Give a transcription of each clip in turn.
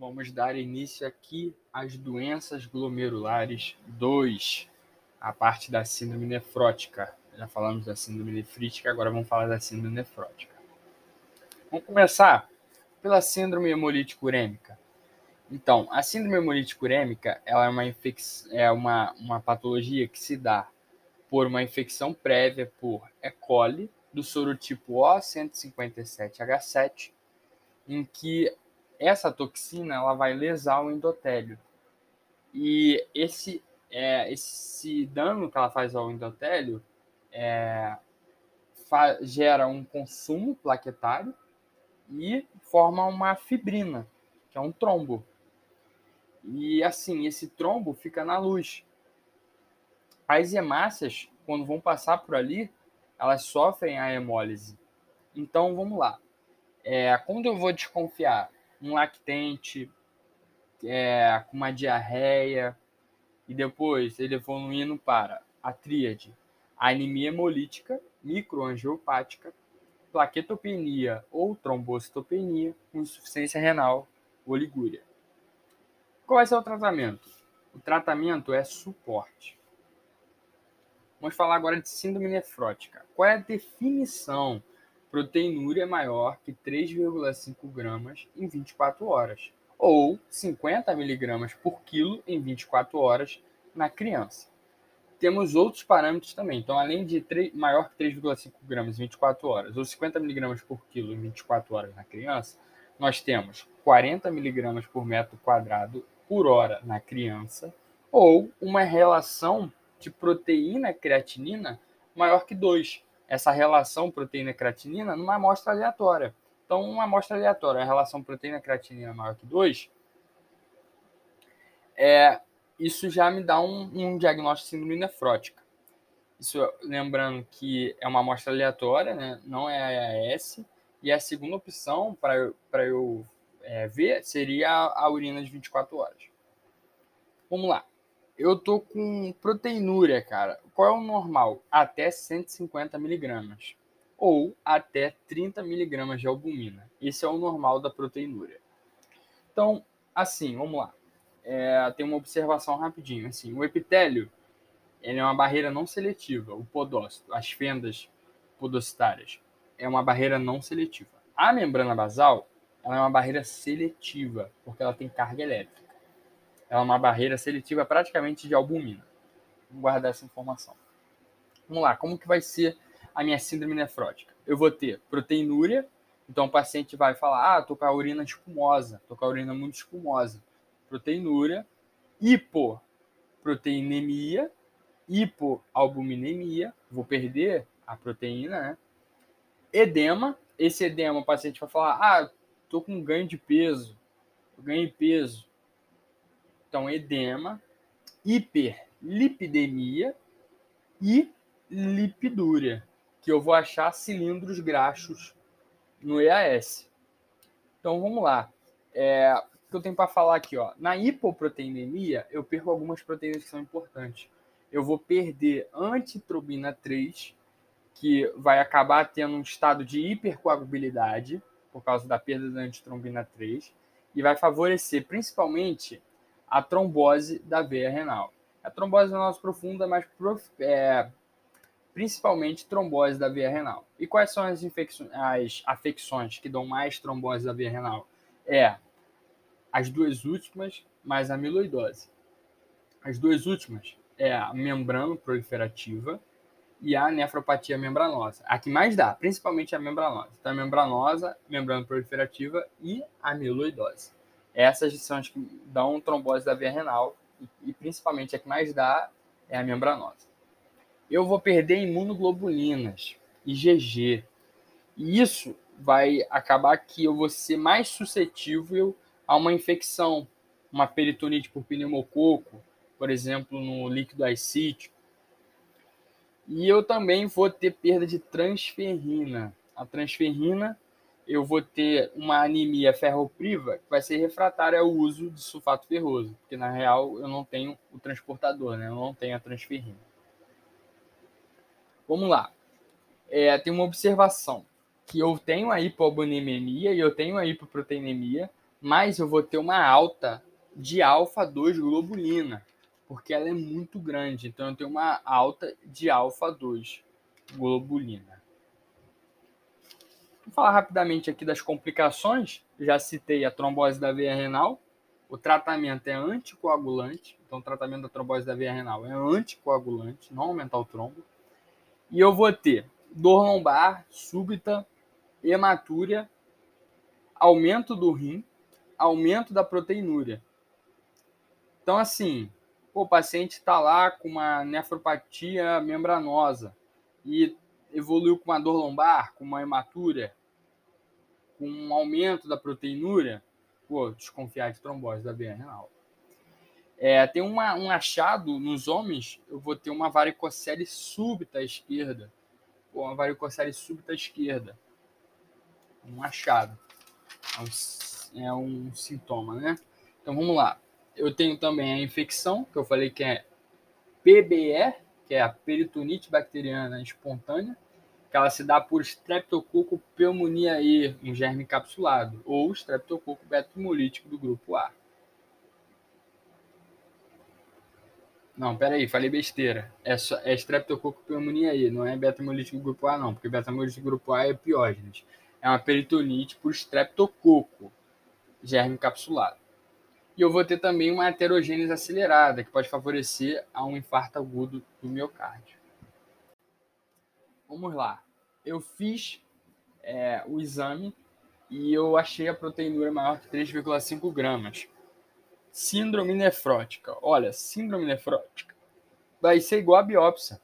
Vamos dar início aqui às doenças glomerulares 2, a parte da síndrome nefrótica. Já falamos da síndrome nefrítica, agora vamos falar da síndrome nefrótica. Vamos começar pela síndrome hemolítica urêmica. Então, a síndrome hemolítica urêmica ela é, uma, é uma, uma patologia que se dá por uma infecção prévia por E. coli do sorotipo O157H7, em que essa toxina ela vai lesar o endotélio. E esse, é, esse dano que ela faz ao endotélio é, gera um consumo plaquetário e forma uma fibrina, que é um trombo. E assim, esse trombo fica na luz. As hemácias, quando vão passar por ali, elas sofrem a hemólise. Então, vamos lá. É, quando eu vou desconfiar um lactente, é, com uma diarreia, e depois ele evoluindo para a tríade, anemia hemolítica, microangiopática, plaquetopenia ou trombocitopenia, insuficiência renal, oligúria. Qual vai ser o tratamento? O tratamento é suporte. Vamos falar agora de síndrome nefrótica. Qual é a definição proteinúria é maior que 3,5 gramas em 24 horas, ou 50 miligramas por quilo em 24 horas na criança. Temos outros parâmetros também. Então, além de 3, maior que 3,5 gramas em 24 horas, ou 50 miligramas por quilo em 24 horas na criança, nós temos 40 miligramas por metro quadrado por hora na criança, ou uma relação de proteína creatinina maior que 2, essa relação proteína-creatinina numa amostra aleatória. Então, uma amostra aleatória, a relação proteína-creatinina maior que 2, é, isso já me dá um, um diagnóstico de síndrome nefrótica. Isso, lembrando que é uma amostra aleatória, né? não é a AS, e a segunda opção para eu, eu é, ver seria a, a urina de 24 horas. Vamos lá eu tô com proteinúria, cara. Qual é o normal? Até 150 miligramas ou até 30 miligramas de albumina. Esse é o normal da proteinúria. Então, assim, vamos lá. É, tem uma observação rapidinho. Assim, o epitélio ele é uma barreira não seletiva, o podócito, as fendas podocitárias é uma barreira não seletiva. A membrana basal ela é uma barreira seletiva, porque ela tem carga elétrica é uma barreira seletiva praticamente de albumina. Vamos guardar essa informação. Vamos lá, como que vai ser a minha síndrome nefrótica? Eu vou ter proteinúria, então o paciente vai falar, ah, tô com a urina espumosa, tô com a urina muito espumosa. Proteinúria, hipoproteinemia, hipoalbuminemia, vou perder a proteína, né? Edema, esse edema o paciente vai falar, ah, tô com ganho de peso, ganhei peso. Então, edema, hiperlipidemia e lipidúria, que eu vou achar cilindros graxos no EAS. Então, vamos lá. É, o que eu tenho para falar aqui? Ó? Na hipoproteinemia, eu perco algumas proteínas que são importantes. Eu vou perder antitrobina 3, que vai acabar tendo um estado de hipercoagulabilidade, por causa da perda da antitrombina 3, e vai favorecer principalmente a trombose da veia renal. A trombose venosa profunda, mas é, principalmente trombose da veia renal. E quais são as, as afecções que dão mais trombose da veia renal? É as duas últimas, mais a amiloidose. As duas últimas é a membrana proliferativa e a nefropatia membranosa. A que mais dá, principalmente a membranosa. Então, a membranosa, membrana proliferativa e a amiloidose. Essas são as que dão trombose da via renal e, e principalmente a que mais dá é a membranosa. Eu vou perder imunoglobulinas, IgG. E isso vai acabar que eu vou ser mais suscetível a uma infecção, uma peritonite por pneumococo, por exemplo, no líquido ascítico. E eu também vou ter perda de transferrina. A transferrina eu vou ter uma anemia ferropriva que vai ser refratária ao uso de sulfato ferroso, porque na real eu não tenho o transportador, né? eu não tenho a transferrina. Vamos lá. É, tem uma observação, que eu tenho a hipoalbuminemia e eu tenho a hipoproteinemia, mas eu vou ter uma alta de alfa-2 globulina, porque ela é muito grande, então eu tenho uma alta de alfa-2 globulina. Vou falar rapidamente aqui das complicações. Já citei a trombose da veia renal. O tratamento é anticoagulante. Então, o tratamento da trombose da veia renal é anticoagulante, não aumentar o trombo. E eu vou ter dor lombar súbita, hematúria, aumento do rim, aumento da proteinúria. Então, assim, o paciente está lá com uma nefropatia membranosa e evoluiu com uma dor lombar, com uma hematura, com um aumento da proteinúria, pô, desconfiar de trombose da veia renal. É, tem uma, um achado nos homens, eu vou ter uma varicocele súbita à esquerda. Pô, uma varicocele súbita à esquerda. Um achado. É um, é um sintoma, né? Então vamos lá. Eu tenho também a infecção, que eu falei que é PBE, que é a peritonite bacteriana espontânea, que ela se dá por Streptococcus pneumoniae, um germe encapsulado, ou Streptococcus hemolítico do grupo A. Não, peraí, falei besteira. É, só, é Streptococcus pneumoniae, não é hemolítico do grupo A não, porque hemolítico do grupo A é piógenes. É uma peritonite por Streptococcus, germe encapsulado. E eu vou ter também uma heterogênese acelerada, que pode favorecer a um infarto agudo do miocárdio. Vamos lá. Eu fiz é, o exame e eu achei a proteína maior que 3,5 gramas. Síndrome nefrótica. Olha, síndrome nefrótica vai ser igual a biópsia.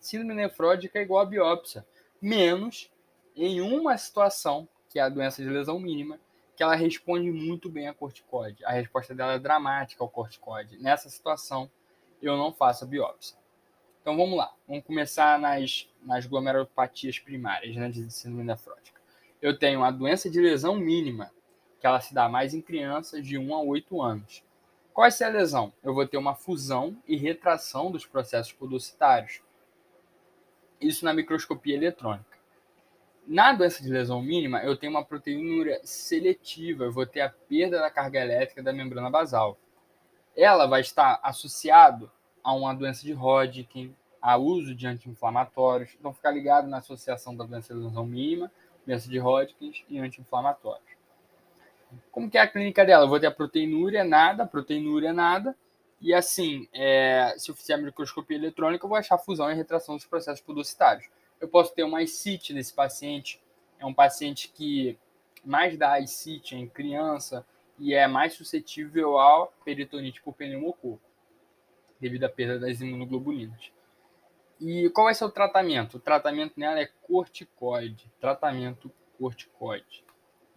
Síndrome nefrótica é igual a biópsia. Menos em uma situação, que é a doença de lesão mínima, que ela responde muito bem a corticoide. A resposta dela é dramática ao corticoide. Nessa situação, eu não faço a biópsia. Então vamos lá, vamos começar nas, nas glomerulopatias primárias, né, de síndrome nefrótica. Eu tenho a doença de lesão mínima, que ela se dá mais em crianças de 1 a 8 anos. Qual é essa lesão? Eu vou ter uma fusão e retração dos processos podocitários. Isso na microscopia eletrônica. Na doença de lesão mínima, eu tenho uma proteinúria seletiva, eu vou ter a perda da carga elétrica da membrana basal. Ela vai estar associada a uma doença de Hodgkin, a uso de anti-inflamatórios. Então, ficar ligado na associação da doença de lesão mínima, doença de Hodgkin e anti-inflamatórios. Como que é a clínica dela? Eu vou ter a proteinúria, nada, proteinúria, nada. E assim, é, se eu fizer a microscopia eletrônica, eu vou achar fusão e retração dos processos podocitários eu posso ter uma ICIT nesse paciente. É um paciente que mais dá ICIT em criança e é mais suscetível ao peritonite por pneumococo, devido à perda das imunoglobulinas. E qual é o seu tratamento? O tratamento nela é corticoide, tratamento corticoide.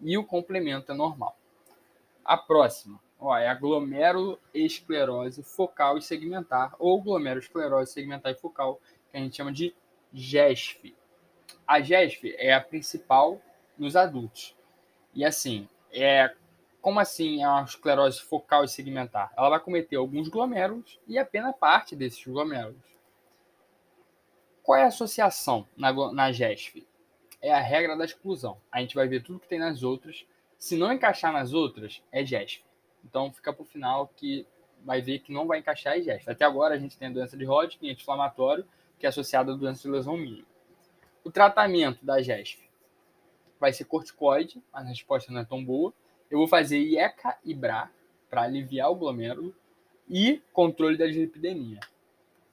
E o complemento é normal. A próxima, ó, é a glomeruloesclerose focal e segmentar, ou glomeroesclerose segmentar e focal, que a gente chama de GESF. A GESF é a principal nos adultos. E assim, é como assim é uma esclerose focal e segmentar? Ela vai cometer alguns glomérulos e apenas parte desses glomérulos. Qual é a associação na, na GESF? É a regra da exclusão. A gente vai ver tudo que tem nas outras. Se não encaixar nas outras, é GESF. Então fica para o final que vai ver que não vai encaixar é GESF. Até agora a gente tem a doença de Hodgkin, inflamatório, que é associada à doença de lesão mínima. O tratamento da GESF vai ser corticoide, mas a resposta não é tão boa. Eu vou fazer IECA e BRA para aliviar o glomérulo e controle da dislipidemia.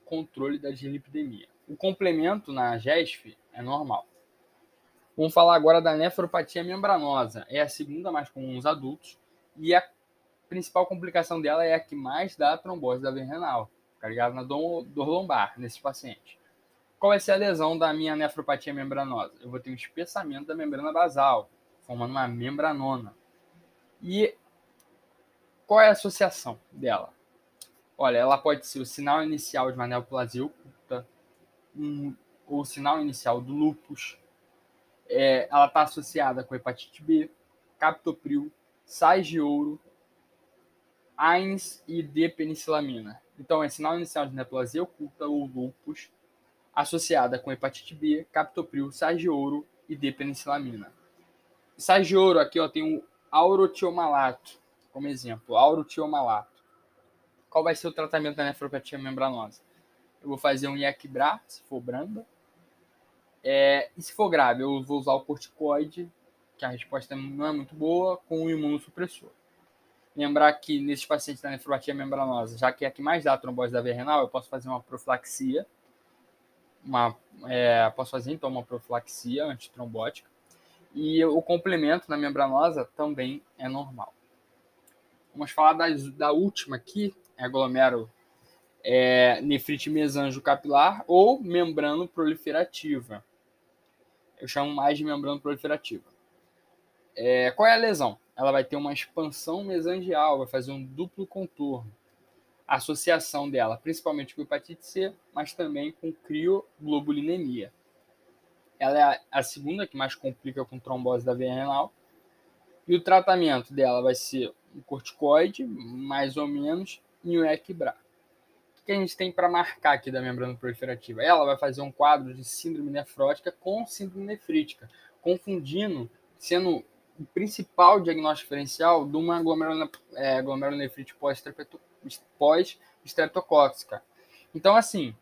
Controle da dislipidemia. O complemento na GESF é normal. Vamos falar agora da nefropatia membranosa. É a segunda mais comum nos adultos e a principal complicação dela é a que mais dá a trombose da veia renal tá ligado? Na dor, dor lombar, nesse paciente. Qual vai ser a lesão da minha nefropatia membranosa? Eu vou ter um espessamento da membrana basal, formando uma membranona. E qual é a associação dela? Olha, ela pode ser o sinal inicial de uma neoplasia oculta, um, ou o sinal inicial do lúpus. É, ela está associada com hepatite B, captopril, sais de ouro, AINS e D-penicilamina. Então, é sinal inicial de neoplasia oculta ou lupus, associada com hepatite B, captopril, ouro e D-penicilamina. ouro, aqui ó, tem o aurotiomalato, como exemplo, aurotiomalato. Qual vai ser o tratamento da nefropatia membranosa? Eu vou fazer um Iaquibra, se for branda. É, e se for grave, eu vou usar o corticoide, que a resposta não é muito boa, com o imunossupressor. Lembrar que nesses pacientes da nefropatia membranosa, já que é a que mais dá a trombose da veia renal, eu posso fazer uma profilaxia, uma, é, posso fazer então uma profilaxia antitrombótica. E o complemento na membranosa também é normal. Vamos falar da da última aqui, é aglomero é, nefrite mesanjo capilar ou membrano proliferativa. Eu chamo mais de membrana proliferativa. É, qual é a lesão? ela vai ter uma expansão mesangial, vai fazer um duplo contorno. A associação dela, principalmente com hepatite C, mas também com crioglobulinemia. Ela é a segunda que mais complica com trombose da veia renal. E o tratamento dela vai ser um corticoide, mais ou menos, e o equibrar. O que a gente tem para marcar aqui da membrana proliferativa? Ela vai fazer um quadro de síndrome nefrótica com síndrome nefrítica, confundindo, sendo principal diagnóstico diferencial de uma glomerulonefrite é, pós estreptocóxica Então, assim,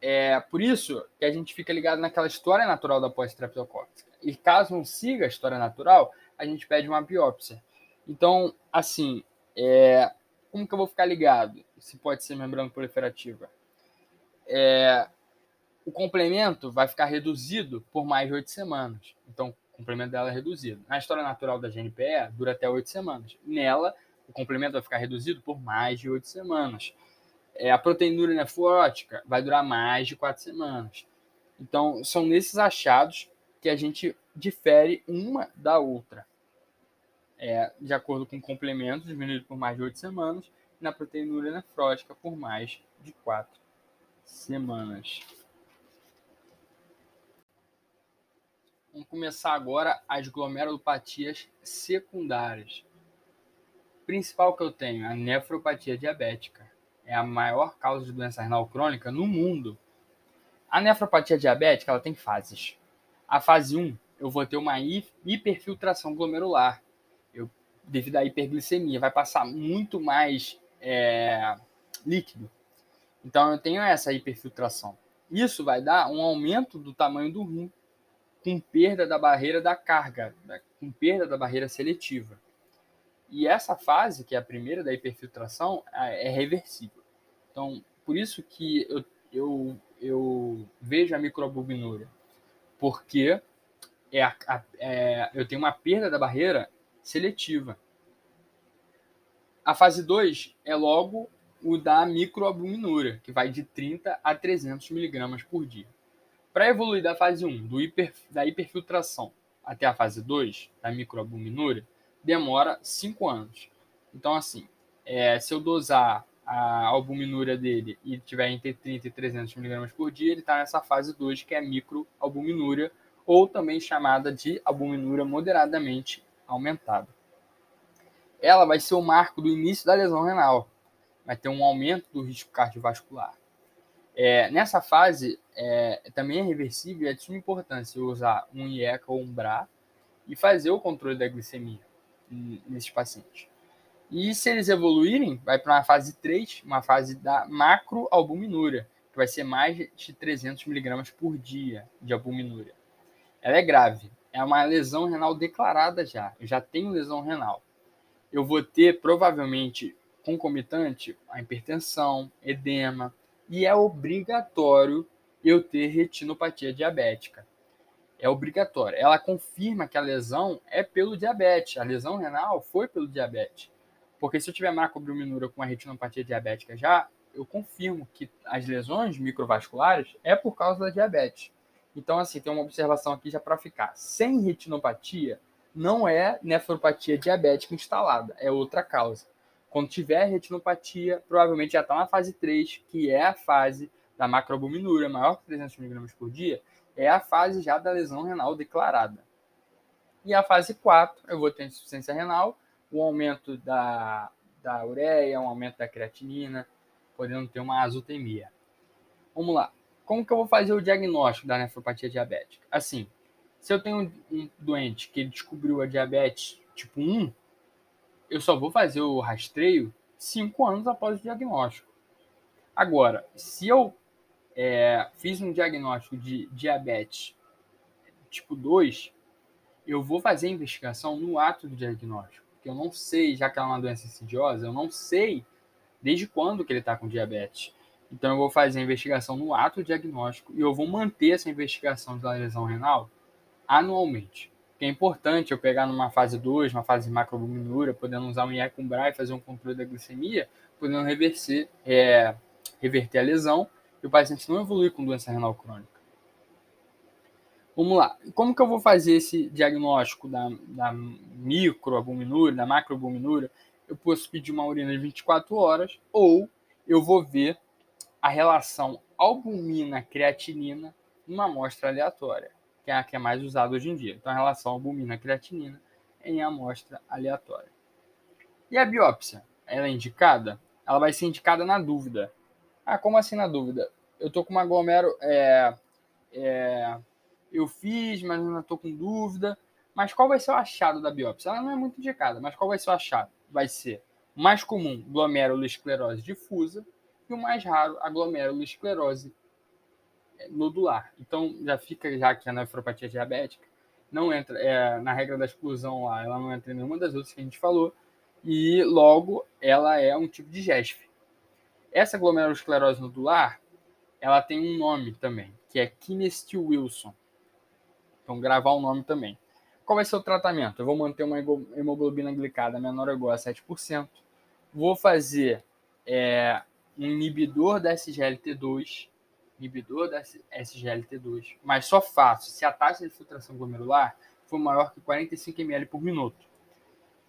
é por isso que a gente fica ligado naquela história natural da pós estreptocóxica E caso não siga a história natural, a gente pede uma biópsia. Então, assim, é, como que eu vou ficar ligado se pode ser membrana proliferativa? É, o complemento vai ficar reduzido por mais de oito semanas. Então, o complemento dela é reduzido. A história natural da GNPE dura até oito semanas. Nela, o complemento vai ficar reduzido por mais de oito semanas. É, a proteinúria nefrótica vai durar mais de quatro semanas. Então, são nesses achados que a gente difere uma da outra. É, de acordo com o complemento, diminuído por mais de oito semanas, e na proteinúria nefrótica por mais de quatro semanas. Vamos começar agora as glomerulopatias secundárias. O principal que eu tenho, a nefropatia diabética. É a maior causa de doença renal crônica no mundo. A nefropatia diabética ela tem fases. A fase 1, eu vou ter uma hiperfiltração glomerular. Eu, devido à hiperglicemia, vai passar muito mais é, líquido. Então eu tenho essa hiperfiltração. Isso vai dar um aumento do tamanho do rim com perda da barreira da carga, né? com perda da barreira seletiva. E essa fase, que é a primeira da hiperfiltração, é reversível. Então, por isso que eu, eu, eu vejo a microalbuminúria, porque é, a, a, é eu tenho uma perda da barreira seletiva. A fase 2 é logo o da microalbuminúria, que vai de 30 a 300 miligramas por dia. Para evoluir da fase 1 do hiper, da hiperfiltração até a fase 2 da microalbuminúria, demora 5 anos. Então, assim, é, se eu dosar a albuminúria dele e tiver entre 30 e 300 mg por dia, ele está nessa fase 2, que é microalbuminúria, ou também chamada de albuminúria moderadamente aumentada. Ela vai ser o marco do início da lesão renal, vai ter um aumento do risco cardiovascular. É, nessa fase, é, também é reversível e é de suma importância usar um IECA ou um BRA e fazer o controle da glicemia nesses pacientes. E se eles evoluírem, vai para uma fase 3, uma fase da macroalbuminúria, que vai ser mais de 300 miligramas por dia de albuminúria. Ela é grave, é uma lesão renal declarada já, eu já tenho lesão renal. Eu vou ter, provavelmente, concomitante, a hipertensão, edema, e é obrigatório eu ter retinopatia diabética. É obrigatório. Ela confirma que a lesão é pelo diabetes. A lesão renal foi pelo diabetes. Porque se eu tiver macrobilminúria com a retinopatia diabética já, eu confirmo que as lesões microvasculares é por causa da diabetes. Então, assim, tem uma observação aqui já para ficar. Sem retinopatia, não é nefropatia diabética instalada, é outra causa. Quando tiver retinopatia, provavelmente já está na fase 3, que é a fase da macroalbuminúria maior que 300 mg por dia, é a fase já da lesão renal declarada. E a fase 4, eu vou ter insuficiência renal, um aumento da, da ureia, um aumento da creatinina, podendo ter uma azotemia. Vamos lá. Como que eu vou fazer o diagnóstico da nefropatia diabética? Assim, se eu tenho um doente que descobriu a diabetes tipo 1, eu só vou fazer o rastreio cinco anos após o diagnóstico. Agora, se eu é, fiz um diagnóstico de diabetes tipo 2, eu vou fazer a investigação no ato do diagnóstico. Porque eu não sei, já que ela é uma doença insidiosa, eu não sei desde quando que ele está com diabetes. Então eu vou fazer a investigação no ato diagnóstico e eu vou manter essa investigação da lesão renal anualmente que é importante eu pegar numa fase 2, uma fase de macroalbuminúria, podendo usar um IECUMBRA e fazer um controle da glicemia, podendo é, reverter a lesão e o paciente não evoluir com doença renal crônica. Vamos lá. Como que eu vou fazer esse diagnóstico da, da microalbuminúria, da macroalbuminúria? Eu posso pedir uma urina de 24 horas ou eu vou ver a relação albumina-creatinina numa amostra aleatória que é a que é mais usada hoje em dia. Então, a relação albumina-creatinina em amostra aleatória. E a biópsia? Ela é indicada? Ela vai ser indicada na dúvida. Ah, como assim na dúvida? Eu tô com uma aglomero... É, é, eu fiz, mas ainda tô com dúvida. Mas qual vai ser o achado da biópsia? Ela não é muito indicada, mas qual vai ser o achado? Vai ser mais comum glomeruloesclerose difusa e o mais raro, a glomeruloesclerose nodular. Então, já fica já que a nefropatia diabética não entra é, na regra da exclusão lá, ela não entra em nenhuma das outras que a gente falou, e logo ela é um tipo de GESF. Essa glomerulosclerose nodular, ela tem um nome também, que é Kinesty Wilson. Então, gravar o nome também. Qual vai ser o tratamento? Eu vou manter uma hemoglobina glicada menor ou igual a 7%. Vou fazer é, um inibidor da SGLT2, inibidor da SGLT2, mas só faço se a taxa de filtração glomerular for maior que 45 ml por minuto.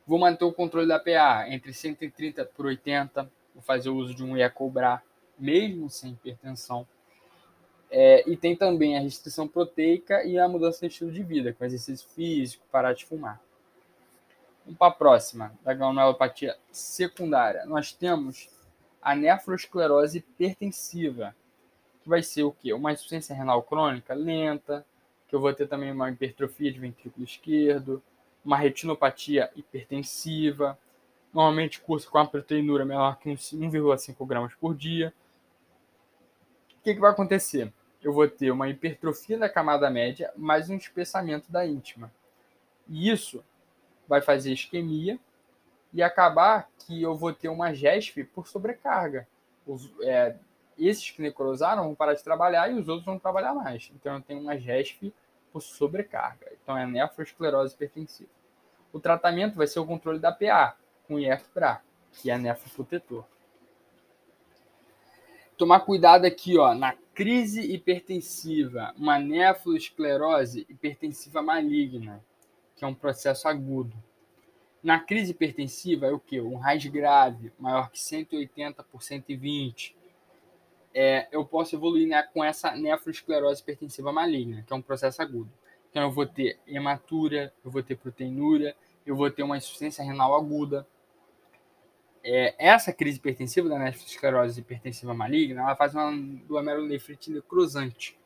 Vou manter o controle da PA entre 130 por 80, vou fazer o uso de um IACOBRA, mesmo sem hipertensão. É, e tem também a restrição proteica e a mudança de estilo de vida, com exercício físico, parar de fumar. Vamos para a próxima, da granulopatia secundária. Nós temos a nefrosclerose hipertensiva, que vai ser o quê? Uma insuficiência renal crônica lenta, que eu vou ter também uma hipertrofia de ventrículo esquerdo, uma retinopatia hipertensiva, normalmente curso com a proteinura menor que 1,5 gramas por dia. O que, que vai acontecer? Eu vou ter uma hipertrofia da camada média mais um espessamento da íntima. E isso vai fazer isquemia e acabar que eu vou ter uma GESP por sobrecarga. É, esses que necrosaram vão parar de trabalhar e os outros vão trabalhar mais. Então eu tenho uma GESP por sobrecarga. Então é nefroesclerose hipertensiva. O tratamento vai ser o controle da PA com IFPRA, que é nefroprotetor. Tomar cuidado aqui, ó, na crise hipertensiva, uma nefroesclerose hipertensiva maligna, que é um processo agudo. Na crise hipertensiva é o que? Um RAS grave, maior que 180 por 120, é, eu posso evoluir né, com essa nefroesclerose hipertensiva maligna, que é um processo agudo. Então, eu vou ter hematura, eu vou ter proteinúria, eu vou ter uma insuficiência renal aguda. É, essa crise hipertensiva da nefroesclerose hipertensiva maligna, ela faz uma glomerulonefrite necrosante.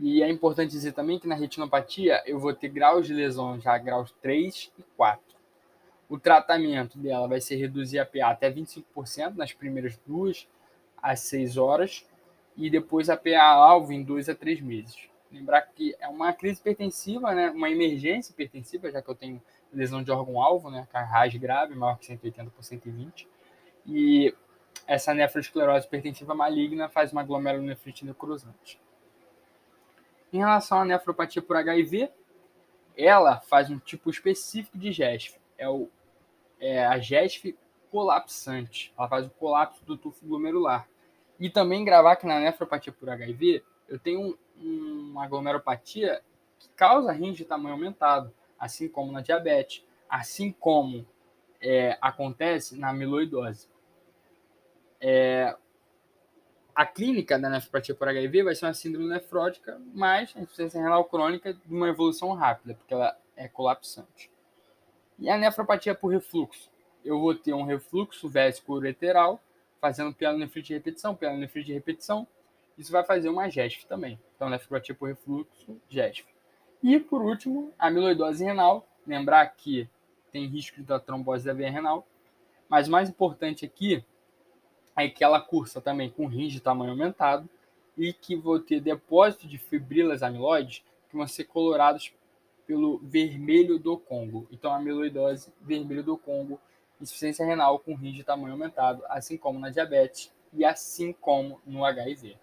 E é importante dizer também que na retinopatia eu vou ter graus de lesão já graus 3 e 4. O tratamento dela vai ser reduzir a PA até 25% nas primeiras duas às 6 horas e depois a PA alvo em 2 a 3 meses. Lembrar que é uma crise pertensiva, né? uma emergência hipertensiva já que eu tenho lesão de órgão-alvo, né? carraz é grave, maior que 180 por 120. E essa nefrosclerose hipertensiva maligna faz uma glomerulonefrite necrosante. Em relação à nefropatia por HIV, ela faz um tipo específico de GESF. É, o, é a GESF colapsante, ela faz o colapso do tufo glomerular. E também gravar que na nefropatia por HIV, eu tenho uma glomeropatia que causa rins de tamanho aumentado, assim como na diabetes, assim como é, acontece na amiloidose. É, a clínica da nefropatia por HIV vai ser uma síndrome nefrótica, mas a insuficiência renal crônica de uma evolução rápida, porque ela é colapsante. E a nefropatia por refluxo? eu vou ter um refluxo vésico ureteral, fazendo nefrite de repetição, piano nefrite de repetição. Isso vai fazer uma gesto também. Então, nefropatia é por refluxo, gesto. E, por último, a amiloidose renal. Lembrar que tem risco da trombose da veia renal. Mas o mais importante aqui é que ela cursa também com rins de tamanho aumentado e que vou ter depósito de fibrilas amiloides que vão ser colorados pelo vermelho do Congo. Então, a amiloidose vermelho do Congo insuficiência renal com rins de tamanho aumentado, assim como na diabetes e assim como no HIV.